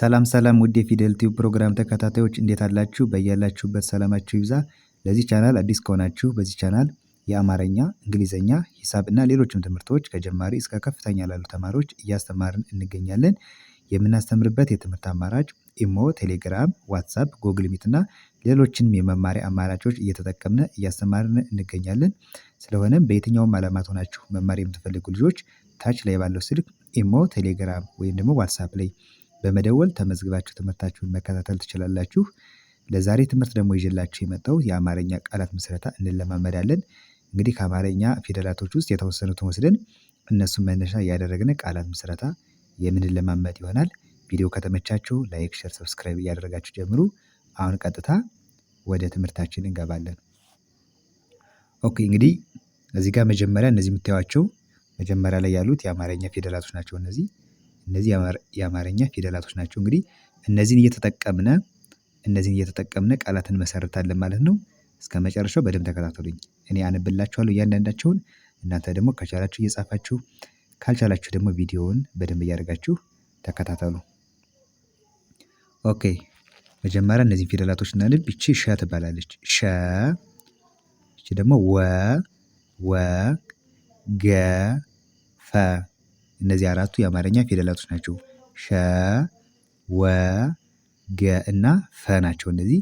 ሰላም ሰላም ውድ የፊደል ቲዩብ ፕሮግራም ተከታታዮች እንዴት አላችሁ? በያላችሁበት ሰላማችሁ ይብዛ። ለዚህ ቻናል አዲስ ከሆናችሁ በዚህ ቻናል የአማርኛ፣ እንግሊዝኛ፣ ሂሳብ እና ሌሎችም ትምህርቶች ከጀማሪ እስከ ከፍተኛ ላሉ ተማሪዎች እያስተማርን እንገኛለን። የምናስተምርበት የትምህርት አማራጭ ኢሞ፣ ቴሌግራም፣ ዋትሳፕ፣ ጎግል ሚት እና ሌሎችንም የመማሪያ አማራጮች እየተጠቀምነ እያስተማርን እንገኛለን። ስለሆነም በየትኛውም አለማት ሆናችሁ መማር የምትፈልጉ ልጆች ታች ላይ ባለው ስልክ ኢሞ፣ ቴሌግራም ወይም ደግሞ ዋትሳፕ ላይ በመደወል ተመዝግባችሁ ትምህርታችሁን መከታተል ትችላላችሁ። ለዛሬ ትምህርት ደግሞ ይዤላችሁ የመጣሁት የአማርኛ ቃላት ምስረታ እንለማመዳለን። እንግዲህ ከአማርኛ ፊደላቶች ውስጥ የተወሰኑትን ወስደን እነሱን መነሻ እያደረግን ቃላት ምስረታ የምንለማመድ ይሆናል። ቪዲዮ ከተመቻችሁ ላይክ፣ ሸር፣ ሰብስክራይብ እያደረጋችሁ ጀምሩ። አሁን ቀጥታ ወደ ትምህርታችን እንገባለን። ኦኬ እንግዲህ እዚህ ጋር መጀመሪያ እነዚህ የምታዩቸው መጀመሪያ ላይ ያሉት የአማርኛ ፊደላቶች ናቸው እነዚህ እነዚህ የአማርኛ ፊደላቶች ናቸው። እንግዲህ እነዚህን እየተጠቀምነ እነዚህን እየተጠቀምነ ቃላትን እንመሰርታለን ማለት ነው። እስከ መጨረሻው በደንብ ተከታተሉኝ። እኔ አነብላችኋለሁ እያንዳንዳቸውን እናንተ ደግሞ ከቻላችሁ እየጻፋችሁ ካልቻላችሁ ደግሞ ቪዲዮውን በደንብ እያደረጋችሁ ተከታተሉ። ኦኬ መጀመሪያ እነዚህን ፊደላቶች እናንብ። ይቺ ሸ ትባላለች። ሸ ይቺ ደግሞ ወ ወ ገ ፈ እነዚህ አራቱ የአማርኛ ፊደላቶች ናቸው። ሸ፣ ወ፣ ገ እና ፈ ናቸው። እነዚህ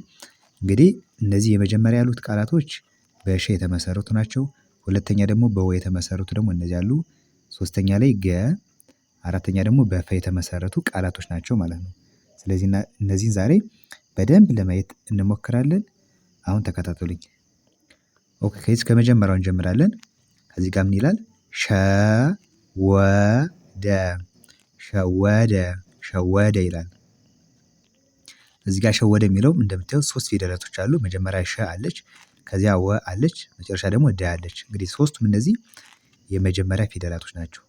እንግዲህ እነዚህ የመጀመሪያ ያሉት ቃላቶች በሸ የተመሰረቱ ናቸው። ሁለተኛ ደግሞ በወ የተመሰረቱ ደግሞ እነዚህ አሉ። ሶስተኛ ላይ ገ፣ አራተኛ ደግሞ በፈ የተመሰረቱ ቃላቶች ናቸው ማለት ነው። ስለዚህ እነዚህን ዛሬ በደንብ ለማየት እንሞክራለን። አሁን ተከታተሉኝ። ኦኬ ከዚህ ከመጀመሪያው እንጀምራለን። ከዚህ ጋር ምን ይላል? ሸ ወደ ሸወደ ሸወደ ይላል። እዚህ ጋር ሸወደ የሚለው እንደምታዩት ሶስት ፊደላቶች አሉ። መጀመሪያ ሸ አለች፣ ከዚያ ወ አለች፣ መጨረሻ ደግሞ ደ አለች። እንግዲህ ሶስቱም እነዚህ የመጀመሪያ ፊደላቶች ናቸው።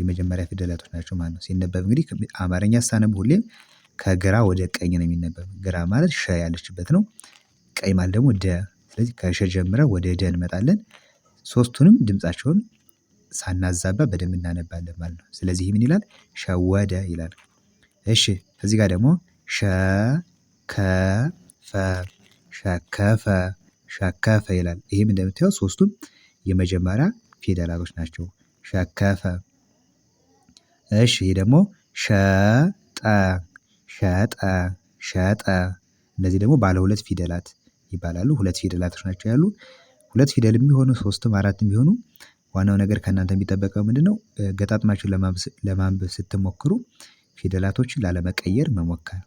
የመጀመሪያ ፊደላቶች ናቸው ማለት ነው። ሲነበብ እንግዲህ አማርኛ ሳነብ ሁሌም ከግራ ወደ ቀኝ ነው የሚነበብ። ግራ ማለት ሸ ያለችበት ነው። ቀኝ ማለት ደግሞ ደ። ስለዚህ ከሸ ጀምረ ወደ ደ እንመጣለን። ሶስቱንም ድምፃቸውን ሳናዛባ በደንብ እናነባለን ማለት ነው። ስለዚህ ምን ይላል? ሸወደ ይላል። እሺ ከዚህ ጋር ደግሞ ሸከፈ ሸከፈ ሸከፈ ይላል። ይህም እንደምታየው ሶስቱም የመጀመሪያ ፊደላቶች ናቸው። ሸከፈ። እሺ ይህ ደግሞ ሸጠ ሸጠ ሸጠ። እነዚህ ደግሞ ባለ ሁለት ፊደላት ይባላሉ። ሁለት ፊደላቶች ናቸው ያሉ ሁለት ፊደል የሚሆኑ ሶስትም አራትም የሚሆኑ ዋናው ነገር ከእናንተ የሚጠበቀው ነው? ገጣጥማችሁ ለማንበብ ስትሞክሩ ፊደላቶችን ላለመቀየር መሞከር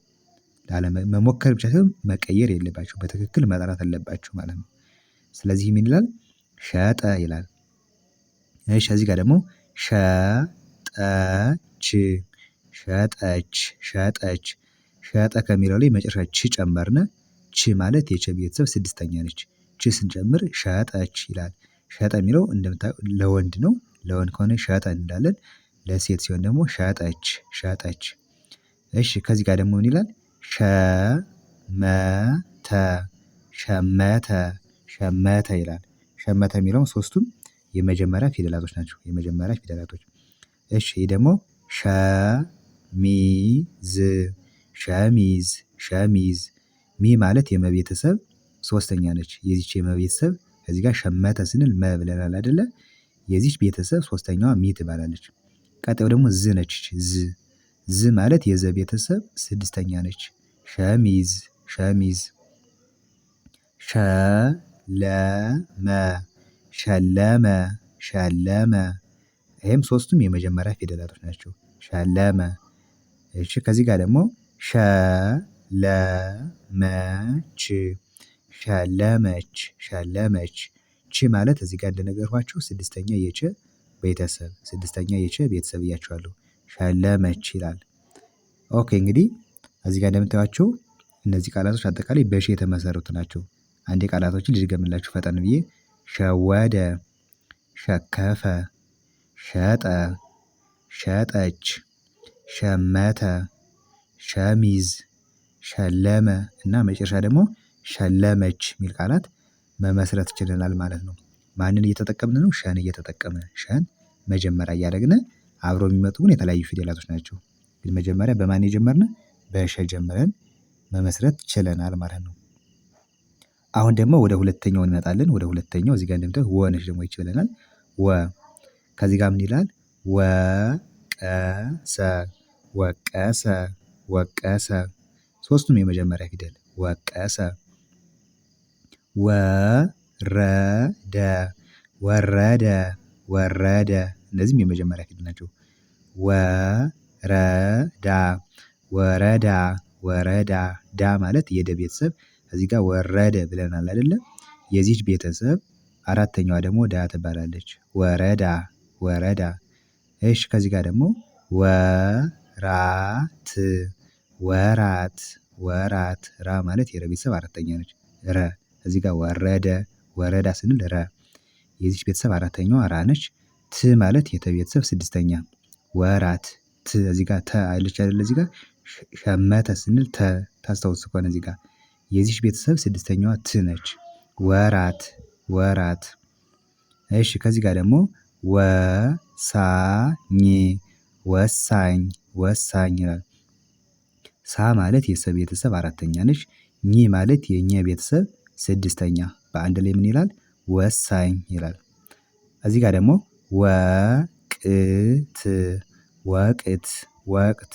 መሞከር ብቻ ሳይሆን መቀየር የለባቸው በትክክል መጠራት አለባቸው ማለት ነው። ስለዚህ ምን ይላል? ሸጠ ይላል። እሺ እዚህ ጋር ደግሞ ሸጠች ሸጠች ሸጠች ሸጠ ከሚለው ላይ መጨረሻ ች ጨመርነ ች ማለት የቸ ቤተሰብ ስድስተኛ ነች። ች ስንጨምር ሸጠች ይላል ሸጠ የሚለው እንደምታዩ ለወንድ ነው። ለወንድ ከሆነ ሸጠ እንላለን። ለሴት ሲሆን ደግሞ ሸጠች ሸጠች። እሺ ከዚህ ጋር ደግሞ ምን ይላል? ሸመተ ሸመተ ሸመተ ይላል። ሸመተ የሚለውም ሶስቱም የመጀመሪያ ፊደላቶች ናቸው። የመጀመሪያ ፊደላቶች። እሺ ይህ ደግሞ ሸሚዝ ሸሚዝ ሸሚዝ ሚ ማለት የመቤተሰብ ሶስተኛ ነች። የዚች የመቤተሰብ ከዚህ ጋር ሸመተ ስንል መ ብለናል አይደለ? የዚች ቤተሰብ ሶስተኛዋ ሚ ትባላለች። ቀጣዩ ደግሞ ዝ ነች። ዝ ዝ ማለት የዘ ቤተሰብ ስድስተኛ ነች። ሸሚዝ ሸሚዝ ሸለመ ሸለመ ሸለመ ይህም ሶስቱም የመጀመሪያ ፊደላቶች ናቸው። ሸለመ። እሺ ከዚህ ጋር ደግሞ ሸለመች ሸለመች ሸለመች ች ማለት እዚህ ጋር እንደነገርኳችሁ ስድስተኛ የቸ ቤተሰብ ስድስተኛ የቸ ቤተሰብ እያችኋለሁ ሸለመች ይላል። ኦኬ እንግዲህ እዚህ ጋር እንደምታዩቸው እነዚህ ቃላቶች አጠቃላይ በሺ የተመሰረቱ ናቸው። አንዴ ቃላቶችን ልድገምላችሁ ፈጠን ብዬ ሸወደ፣ ሸከፈ፣ ሸጠ፣ ሸጠች፣ ሸመተ፣ ሸሚዝ፣ ሸለመ እና መጨረሻ ደግሞ ሸለመች የሚል ቃላት መመስረት ችለናል ማለት ነው። ማንን እየተጠቀምን ነው? ሸን እየተጠቀምን ሸን መጀመሪያ እያደረግን አብረው የሚመጡ ግን የተለያዩ ፊደላቶች ናቸው። ግን መጀመሪያ በማን የጀመርን በሸ ጀምረን መመስረት ችለናል ማለት ነው። አሁን ደግሞ ወደ ሁለተኛው እንመጣለን ወደ ሁለተኛው እዚጋ ጋር ወነች ደግሞ ይች ብለናል። ወ ከዚህ ጋር ምን ይላል? ወቀሰ ወቀሰ ወቀሰ ሶስቱም የመጀመሪያ ፊደል ወቀሰ ወረደ ወረደ ወረደ እነዚህም የመጀመሪያ ፊደል ናቸው። ወረዳ ወረዳ ወረዳ ዳ ማለት የደ ቤተሰብ እዚህ ጋር ወረደ ብለናል አይደለ? የዚች ቤተሰብ አራተኛዋ ደግሞ ዳ ትባላለች። ወረዳ ወረዳ። እሺ ከዚህ ጋር ደግሞ ወራት ወራት ወራት ራ ማለት የረ ቤተሰብ አራተኛ ነች። ረ እዚህ ጋር ወረደ ወረዳ ስንል ረ የዚች ቤተሰብ አራተኛዋ ራ ነች። ት ማለት የተ ቤተሰብ ስድስተኛ ወራት ት እዚህ ጋር ተ አይለች አይደለ እዚህ ጋር ሸመተ ስንል ተ ታስታውስ ከሆነ እዚህ ጋር የዚች ቤተሰብ ስድስተኛዋ ት ነች። ወራት ወራት። እሺ ከዚህ ጋር ደግሞ ወሳኝ ወሳኝ ወሳኝ ይላል። ሳ ማለት የሰ ቤተሰብ አራተኛ ነች። ኝ ማለት የኛ ቤተሰብ ስድስተኛ በአንድ ላይ ምን ይላል? ወሳኝ ይላል። እዚህ ጋር ደግሞ ወቅት ወቅት ወቅት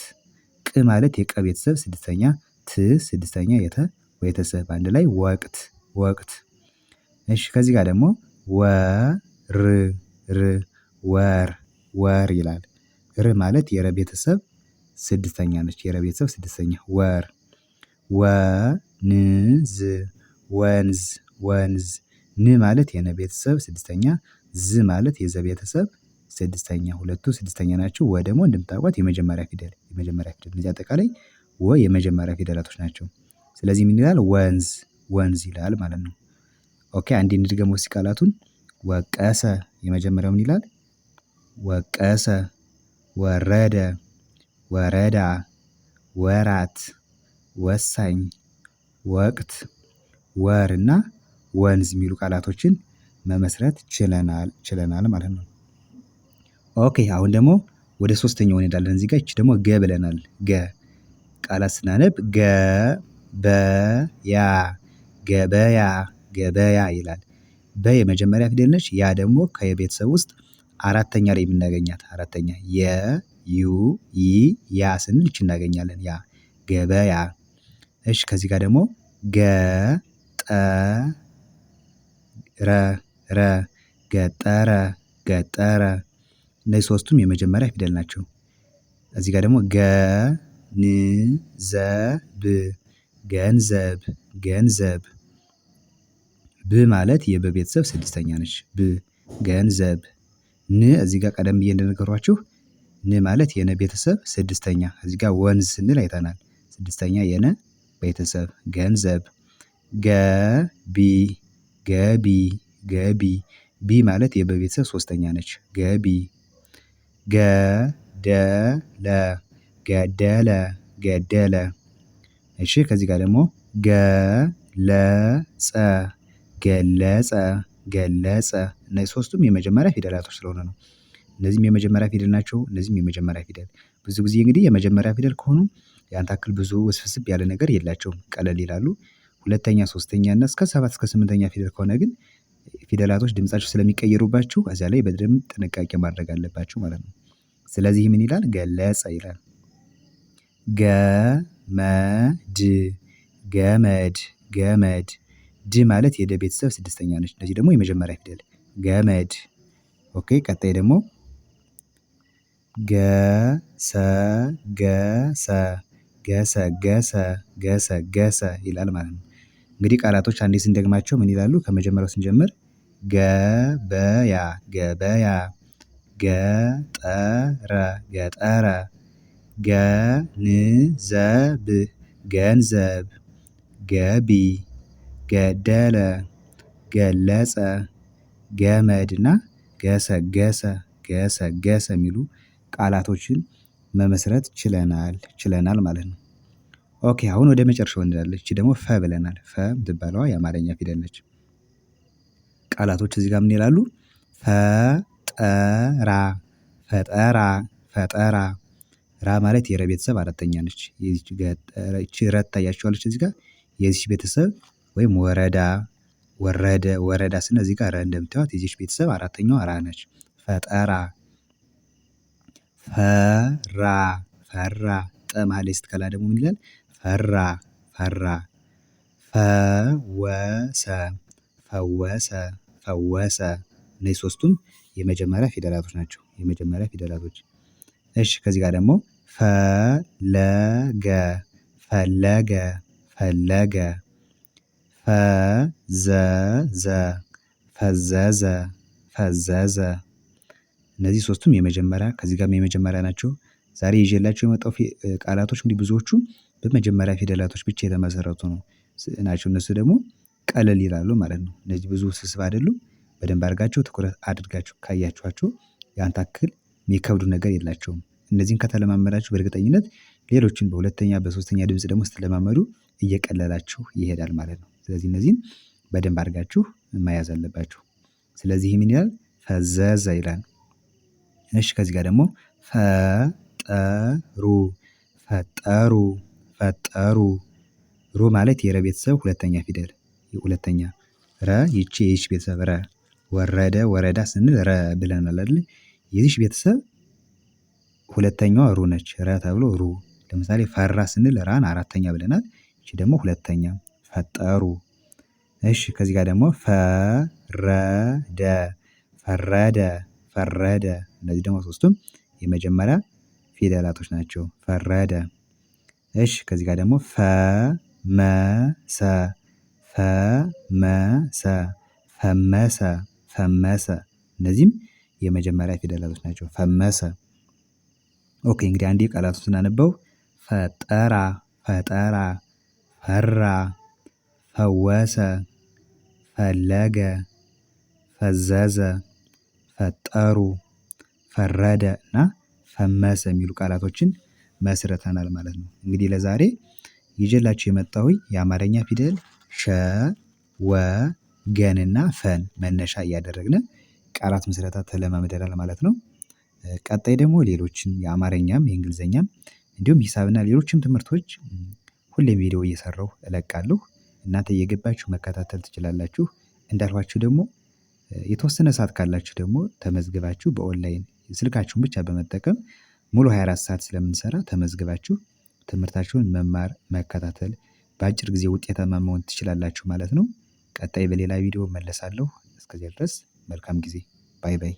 ቅ ማለት የቀ ቤተሰብ ስድስተኛ ት ስድስተኛ የተ ቤተሰብ አንድ ላይ ወቅት ወቅት። እሺ ከዚህ ጋር ደግሞ ወር ር ወር ወር ይላል። ር ማለት የረ ቤተሰብ ስድስተኛ ነች። የረ ቤተሰብ ስድስተኛ ወር ወንዝ ወንዝ ወንዝ ን ማለት የነ ቤተሰብ ስድስተኛ ዝ ማለት የዘ ቤተሰብ ስድስተኛ ሁለቱ ስድስተኛ ናቸው። ወ ደግሞ እንደምታውቋት የመጀመሪያ ፊደል የመጀመሪያ ፊደል እነዚህ አጠቃላይ ወ የመጀመሪያ ፊደላቶች ናቸው። ስለዚህ ምን ይላል ወንዝ ወንዝ ይላል ማለት ነው። ኦኬ አንዴ እንድገመው እስቲ ቃላቱን ወቀሰ የመጀመሪያው ምን ይላል? ወቀሰ ወረደ ወረዳ ወራት ወሳኝ ወቅት ወር እና ወንዝ የሚሉ ቃላቶችን መመስረት ችለናል ማለት ነው። ኦኬ አሁን ደግሞ ወደ ሶስተኛው እንሄዳለን። እዚህ ጋር ይቺ ደግሞ ገ ብለናል። ገ ቃላት ስናነብ ገ በያ ገበያ ገበያ ይላል። በ የመጀመሪያ ፊደል ነች። ያ ደግሞ ከቤተሰብ ውስጥ አራተኛ ላይ የምናገኛት አራተኛ የ ዩ ይ ያ ስንል ይች እናገኛለን። ያ ገበያ። እሽ ከዚህ ጋር ደግሞ ገ ረ ረ ገጠረ ገጠረ እነዚህ ሶስቱም የመጀመሪያ ፊደል ናቸው። እዚህ ጋር ደግሞ ገ ን ዘ ብ ገንዘብ ገንዘብ ብ ማለት የበቤተሰብ ስድስተኛ ነች። ብ ገንዘብ ን እዚህ ጋር ቀደም ብዬ እንደነገሯችሁ ን ማለት የነ ቤተሰብ ስድስተኛ እዚህ ጋር ወንዝ ስንል አይተናል። ስድስተኛ የነ ቤተሰብ ገንዘብ ገቢ ገቢ ገቢ ቢ ማለት የበቤተሰብ ሶስተኛ ነች። ገቢ ገደለ ገደለ ገደለ እሺ ከዚህ ጋር ደግሞ ገለጸ ገለጸ ገለጸ እነዚህ ሶስቱም የመጀመሪያ ፊደላቶች ስለሆነ ነው። እነዚህም የመጀመሪያ ፊደል ናቸው። እነዚህም የመጀመሪያ ፊደል ብዙ ጊዜ እንግዲህ የመጀመሪያ ፊደል ከሆኑ ያን ታክል ብዙ ውስብስብ ያለ ነገር የላቸውም ቀለል ይላሉ ሁለተኛ ሶስተኛ እና እስከ ሰባት እስከ ስምንተኛ ፊደል ከሆነ ግን ፊደላቶች ድምፃቸው ስለሚቀየሩባችሁ እዚያ ላይ በደንብ ጥንቃቄ ማድረግ አለባችሁ ማለት ነው። ስለዚህ ምን ይላል ገለጸ ይላል። ገመድ ገመድ ገመድ ድ ማለት የደ ቤተሰብ ስድስተኛ ነች። እነዚህ ደግሞ የመጀመሪያ ፊደል ገመድ። ኦኬ ቀጣይ ደግሞ ገሰ ገሰ ገሰ ገሰ ገሰ ገሰ ይላል ማለት ነው። እንግዲህ ቃላቶች አንዴ ስንደግማቸው ምን ይላሉ? ከመጀመሪያው ስንጀምር ገበያ ገበያ ገጠረ ገጠረ ገንዘብ ገንዘብ ገቢ ገደለ ገለጸ እና ገሰገሰ ገሰገሰ የሚሉ ቃላቶችን መመስረት ችለናል ችለናል ማለት ነው ኦኬ አሁን ወደ መጨረሻው እንሄዳለን። ይቺ ደግሞ ፈ ብለናል። ፈ የምትባለዋ የአማርኛ ፊደል ነች። ቃላቶች እዚህ ጋር ምን ይላሉ? ፈጠራ ፈጠራ ፈጠራ ራ ማለት የረ ቤተሰብ አራተኛ ነች። ይቺ ረ ታያቸዋለች እዚህ ጋር የዚች ቤተሰብ ወይም ወረዳ ወረደ ወረዳ ስነ እዚህ ጋር ረ እንደምታዩት የዚች ቤተሰብ አራተኛዋ ራ ነች። ፈጠራ ፈራ ፈራ ጠ ማለት ስትከላ ደግሞ ምን ይላል? ፈራ ፈራ ፈወሰ ፈወሰ ፈወሰ እነዚህ ሶስቱም የመጀመሪያ ፊደላቶች ናቸው። የመጀመሪያ ፊደላቶች እሺ። ከዚህ ጋር ደግሞ ፈለገ ፈለገ ፈለገ ፈዘዘ ፈዘዘ ፈዘዘ እነዚህ ሶስቱም የመጀመሪያ ከዚህ ጋር የመጀመሪያ ናቸው። ዛሬ ይዤላችሁ የመጣው ቃላቶች እንግዲህ ብዙዎቹ በመጀመሪያ ፊደላቶች ብቻ የተመሰረቱ ነው ናቸው እነሱ ደግሞ ቀለል ይላሉ ማለት ነው። እነዚህ ብዙ ስብስብ አይደሉም በደንብ አድርጋቸው ትኩረት አድርጋችሁ ካያችኋቸው ያን ታክል የሚከብዱ ነገር የላቸውም። እነዚህን ከተለማመዳችሁ በእርግጠኝነት ሌሎችን በሁለተኛ በሶስተኛ ድምፅ ደግሞ ስትለማመዱ እየቀለላችሁ ይሄዳል ማለት ነው። ስለዚህ እነዚህን በደንብ አድርጋችሁ መያዝ አለባችሁ። ስለዚህ ምን ይላል ፈዘዘ ይላል። እሺ ከዚህ ጋር ደግሞ ፈጠሩ ፈጠሩ ፈጠሩ ሩ ማለት የረ ቤተሰብ ሁለተኛ ፊደል ሁለተኛ ረ ይቺ የይች ቤተሰብ ረ ወረደ ወረዳ ስንል ረ ብለናል አይደል? የዚች ቤተሰብ ሁለተኛዋ ሩ ነች። ረ ተብሎ ሩ ለምሳሌ ፈራ ስንል ራን አራተኛ ብለናል። ይቺ ደግሞ ሁለተኛ ፈጠሩ። እሺ ከዚህ ጋር ደግሞ ፈረደ ፈረደ ፈረደ እነዚህ ደግሞ ሶስቱም የመጀመሪያ ፊደላቶች ናቸው። ፈረደ እሺ ከዚህ ጋር ደግሞ ፈ ፈመሰ ፈመሰ ፈመሰ እነዚህም የመጀመሪያ ፊደላቶች ናቸው። ፈመሰ። ኦኬ እንግዲህ አንዴ ቃላቱ ስናነበው ፈጠራ ፈጠራ ፈራ ፈወሰ ፈለገ ፈዘዘ ፈጠሩ ፈረደ እና ፈመሰ የሚሉ ቃላቶችን መስረተናል ማለት ነው። እንግዲህ ለዛሬ ይጀላችሁ የመጣሁ የአማርኛ ፊደል ሸ፣ ወ፣ ገንና ፈን መነሻ እያደረግን ቃላት ምስረታ ተለማምደናል ማለት ነው። ቀጣይ ደግሞ ሌሎችን የአማርኛም የእንግሊዝኛም እንዲሁም ሂሳብና ሌሎችም ትምህርቶች ሁሌም ቪዲዮ እየሰራሁ እለቃለሁ። እናንተ እየገባችሁ መከታተል ትችላላችሁ። እንዳልኋችሁ ደግሞ የተወሰነ ሰዓት ካላችሁ ደግሞ ተመዝግባችሁ በኦንላይን ስልካችሁን ብቻ በመጠቀም ሙሉ 24 ሰዓት ስለምንሰራ ተመዝግባችሁ ትምህርታችሁን መማር መከታተል በአጭር ጊዜ ውጤታማ መሆን ትችላላችሁ ማለት ነው። ቀጣይ በሌላ ቪዲዮ መለሳለሁ። እስከዚያ ድረስ መልካም ጊዜ። ባይ ባይ